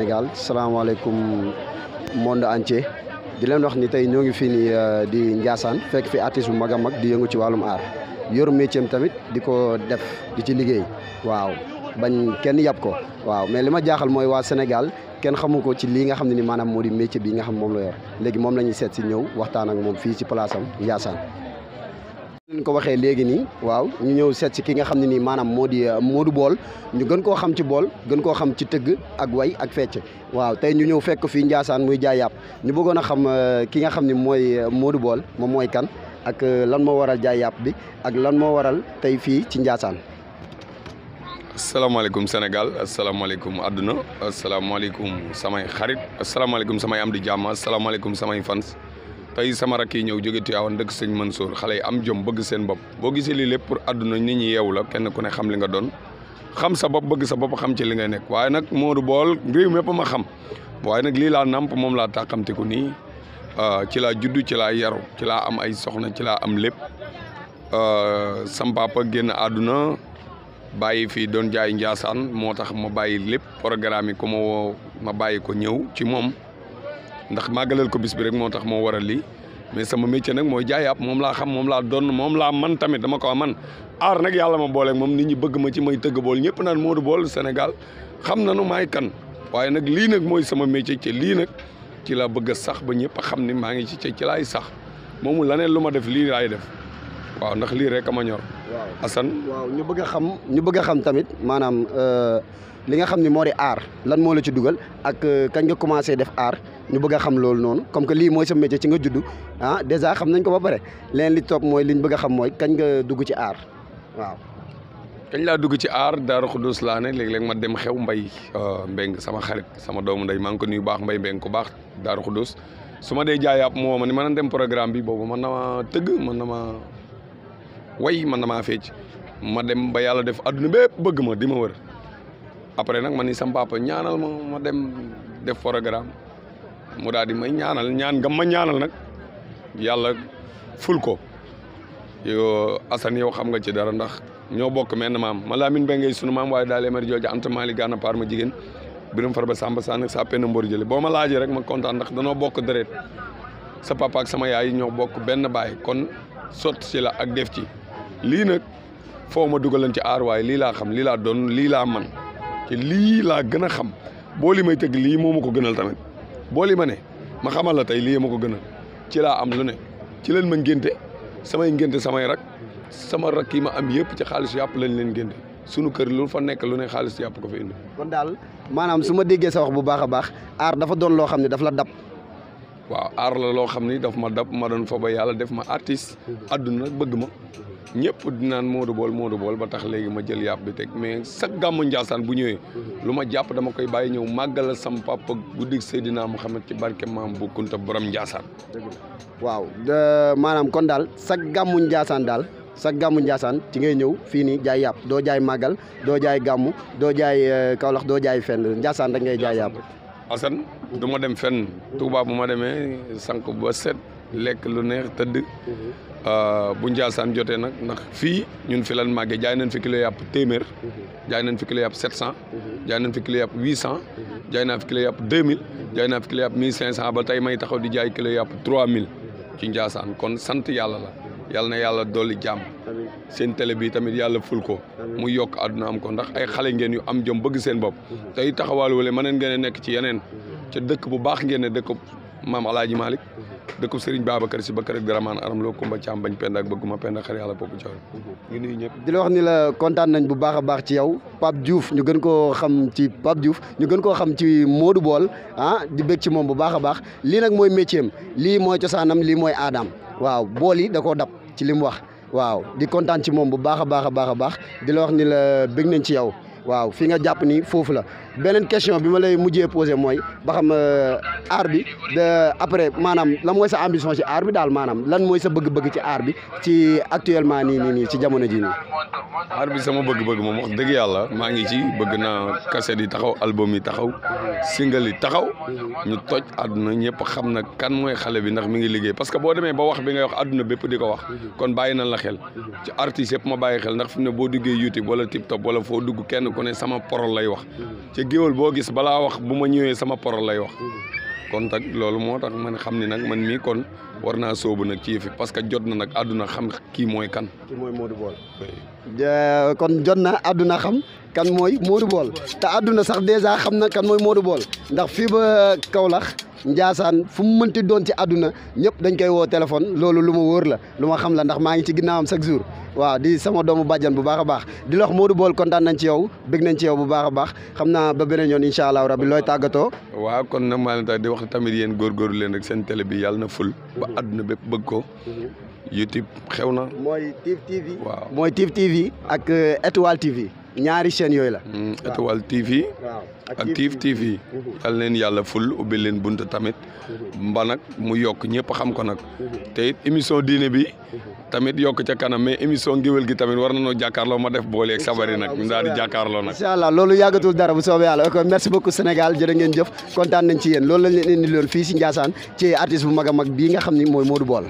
Sénégal salaamaaleykum monde entier di leen wax ni tey ñoo ngi fii nii euh, di njaasaan fekk fi artiste bu mag a mag di yëngu ci wàllum aar yor métier tamit di ko def di ci liggéey waaw bañ kenn yàpp ko waaw mais li ma jaaxal mooy waa Sénégal kenn xamu ko ci lii nga xam ne ni maanaam moo di métier bi nga xam moom la yor léegi moom la seet si ñëw waxtaan ak moom fii ci place am ko waxe legui ni waw ñu ñew set ci ki nga xamni ni manam modi euh, modu bol ñu gën ko xam ci bol gën ko xam ci teug ak way ak fecc waw tay ñu ñew fekk fi Ndiassane muy jaayap ñu bëggoon xam euh, ki nga xamni moy euh, modu bol mo moy kan ak lan mo waral jaayap bi ak lan mo waral tay fi ci Senegal, assalamu alaykum aduna assalamu alaykum samay xarit alaykum samay am di assalamu alaykum samay fans tay sama rakk yi ñëw jóge awon Mansur, seigne Mansour xalé am jom bëgg seen bop bo gisé li lepp pour aduna nit ñi yew la kenn ku ne xam li nga doon xam sa bop bëgg sa bop xam ci li ngay nek waye nak Modou Bool réew mépp ma xam waye nak li la namp takamti ku ni euh ah, ci la juddu ci la yar ci la am ay soxna ci la am euh sam papa genn aduna bayyi fi doon jaay njaasaan motax ma bàyyi programme yi ma ko ñew ci mom ndax màggalal ko bis bi rek moo tax moo waral lii mais sama métier nag mooy jaay yàpp moom laa xam moom laa donn moom laa man tamit dama ko a man aar nag yàlla ma booleeg moom nit ñi bëgg ma ci may tëgg bool ñëpp naan Modou Bool senegal xam na nu maay kan waaye nag lii nag mooy sama métier ci lii nag ci laa bëgg a sax ba ñëpp xam ni maa ngi ci ci laay sax moomu laneen lu ma def lii laay def waaw ndax lii rek ama ñor. waaw Assane. ñu bëgg a xam ñu bëgg a xam tamit maanaam euh, li nga xam ni moo di aar lan moo la ci dugal ak euh, kañ nga commencé def aar ñu bëgg a xam loolu noonu comme que lii mooy sa métier ci nga juddu ah xam nañ ko ba pare leneen li topp mooy liñ bëgg a xam mooy kañ nga dugg ci aar waaw. kañ laa dugg ci aar Daaru Xudus laa ne léeg-léeg ma dem xew mbay euh, mbéng sama xarit sama doomu ndey maa ngi ko nuyu baax mbay mbéng ko baax Daaru Xudus su ma dee jaayaab moo ma ni ma dem programme bi boobu man na ma tëgg man na way man dama fecc ma dem ba yalla def aduna bepp bëgg ma di wër après nak man ni sam papa ñaanal ma ma dem def programme mu daal di may ñaanal ñaan nga ma ñaanal nak yalla ful ko yo asan yow xam nga ci dara ndax ño bok men maam ma lamine min ngay sunu maam way daal lemer jooju anta maali gaana ma jigen birum far samba san sa pen mbor jeli boma rek ma ndax dano bok deret sa papa ak sama yaay ño bok ben baye kon sot ci la ak def ci lii nag foo ma dugalan ci aar waaye lii laa xam lii laa doon lii laa man ci lii laa gën a xam boo li may tëgg lii moo ma ko gënal tamit boo li ma ne ma xamal la tey lii ma ko gënal ci laa am lu ne ci leen ma ngénte samay ngénte samay rak sama rak yi ma am yëpp ci xaalis yàpp lañ leen ngénte sunu kër lu fa nekk lu ne xaalis yàpp ko fa indi kon daal maanaam su ma déggee sa wax bu baax a baax aar dafa doon loo xam ne daf la dab waaw aar la loo xam ni daf ma dab ma doon fa ba yàlla def ma artiste àdduna bëgg ma ñëpp dinaan Modou Bol Modou Bol ba tax léegi ma jël yàpp bi teg mais sa gàmmu Ndiassane bu ñëwee lu ma jàpp dama koy bàyyi ñëw màggal sam papa guddig Seydina Mouhamed ci barke maam bu Kunta borom waaw maanaam kon daal sa gàmmu daal sa gàmmu ci ngay ñëw fii nii jaay yàpp doo jaay màggal doo jaay gàmmu doo jaay euh, doo jaay fenn rek ngay jaay yàpp Assane du ma dem fen Touba bu ma demee sànq ba set lekk lu neex tëdd euh, bu Ndiassane jotee nag ndax fii ñun fi lan màggee jaay na fi kilo yàpp téeméer jaay nañ fi kilo yàpp sept cent jaay nañ fi kilo yàpp huit cent jaay naa fi kilo yàpp deux mille jaay naa fi cinq cent ba tey may taxaw di jaay kilo yàpp trois mille ci Ndiassane kon sant yàlla la yalla na yalla doli jam seen télé bi tamit yalla ful ko mu yok aduna am ko ndax ay xalé ngeen yu am jom bëgg seen bop mhm. tay taxawal wolé manen ngeen nek nekk ci yenen mhm. ci dëkk bu baax ngeen dëkk mam alaaji malik mhm. dëkk Serigne babakar ci bakkar ak Aram Lo Kumba Caam bañ pend ak bëgguma pend xar yàlla bokk coono. ñu nuyu ñep di la wax ni la contane nañ bu baax baax ci yow pap Diouf ñu gën ko xam ci pap Diouf ñu gën ko xam ci Modou bol ah di bég ci mom bu baax baax li nak moy métier li moy mooy cosaanam lii mooy waaw bool yi dab. ci li mu wax waaw di kontaan ci moom bu baax a baax a baax a baax di la wax ni la bëgg nañ ci yow waaw fi nga jàpp ni foofu la benen question bi lay mujjé poser moy ba xam euh, art bi de après manam lan moy sa ambition ci art bi dal manam lan moy sa bëgg-bëgg ci art bi ci actuellement ni ni nii ci jamono ji ni art bi sama bëgg-bëgg mom wax deug yalla ma ngi ci bëgg na cassette yi taxaw album yi taxaw single yi taxaw ñu toj aduna ñepp xam na kan moy xalé bi ndax mi ngi liggéey parce que bo démé ba wax bi nga wax aduna bëpp diko wax kon bayi nañ la xel ci artiste yëpp ma bayi xel ndax fimné bo duggé YouTube wala TikTok wala fo dugg kenn ku ne sama porol lay wax géwal boo gis balaa wax bu ma ñëwee sama poro lay wax kon nag loolu moo tax man xam ni nag man mii kon war naa sóobu nag ci yëfi parce que jot na nag àdduna xam kii mooy kan. kii mooy Modou Bol. kon jot na àdduna xam kan mooy moodu Bol te àdduna sax dèjà xam na kan mooy Modou bool ndax fii ba Kaolack. Ndiassane fu mu mënti doon ci àdduna ñëpp dañ koy woo téléphone loolu lu ma wóor la lu ma xam la ndax maa ngi ci am chaque jour waaw di sama doomu bàjjan bu baax a baax di la wax Modou Baol kontaan nañ ci yow bëgg nañ ci yow bu baax a baax xam na ba beneen yoon incha allah rabbi looy tàggatoo. waaw kon na maa leen tax di wax tamit yéen góorgóorlu leen rek seen télé bi yàlla na ful. ba aduna mhm. bépp bëgg ko. Mhm. YouTube xew na. mooy TV. waaw mooy TIV TV ak euh, Étoile TV. ñaari chaîne yooyu la. étoile TV. active TV. dal leen yàlla ful ubbi leen bunt tamit. Mm-hmm. mba nag mu yokk ñëpp xam ko nag. Mm-hmm. te it émission diine bi. Mm-hmm. tamit yokk ca kanam mais émission ngéwél gi tamit war nañoo jàkkaarloo ma def boole ak sabari nag ñu daal di jàkkaarloo nag. incha allah loolu yàggatul dara bu soobee yàlla ok merci beaucoup Sénégal jërë ngeen jëf kontaan nañ ci yéen loolu lañ leen indi loon fii si Ndiassane ci artiste bu mag a mag bii nga xam ni mooy Modou bool